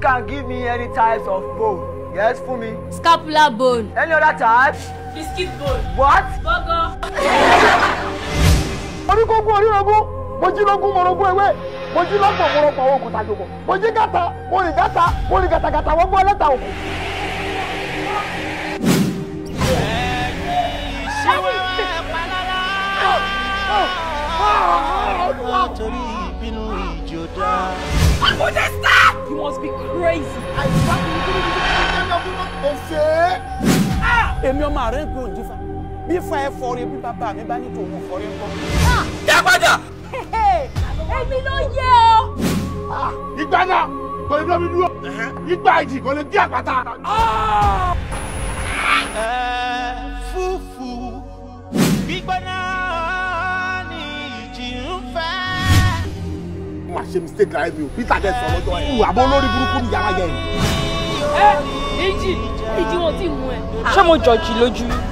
can give me any types of bone yes fún mi. scapular bone. any other type. biscuit bone. what. burger. oríkókó orírogún mojílógún morogún ewé mojílọ́pọ̀ morogún àwọn òkúta jòkó mojígàtà morìgàtà morìgàtàgàtà wọ́n gbọ́ lẹ́tà òkú. torí ìbínú ìjò dá. àkùdé sí crazy. àìsàn kìí kúrú kìí kúrú kí ẹjọ́ kúrú òfé. èmi ọmọ ààrẹ ń gbóhùn dífà bí fa ẹ fọre bí bàbá mi bá ní tòun fọre ń bọ. yá padà. èmi ló yẹ ọ. ìgbà náà kò lè dọ́ mi dúró ìgbà ìjì kò lè dí àpáta. ẹ fúfú gbígbóná. ṣe mistake láyé mi o peter dẹ̀ sọ lọ́jọ́ yẹn àbọ̀ olórí burúkú ni yàrá yẹn. ẹ ìjì ìjì wọn ti mú ẹ. ṣé mo jọ̀jì lójú rí.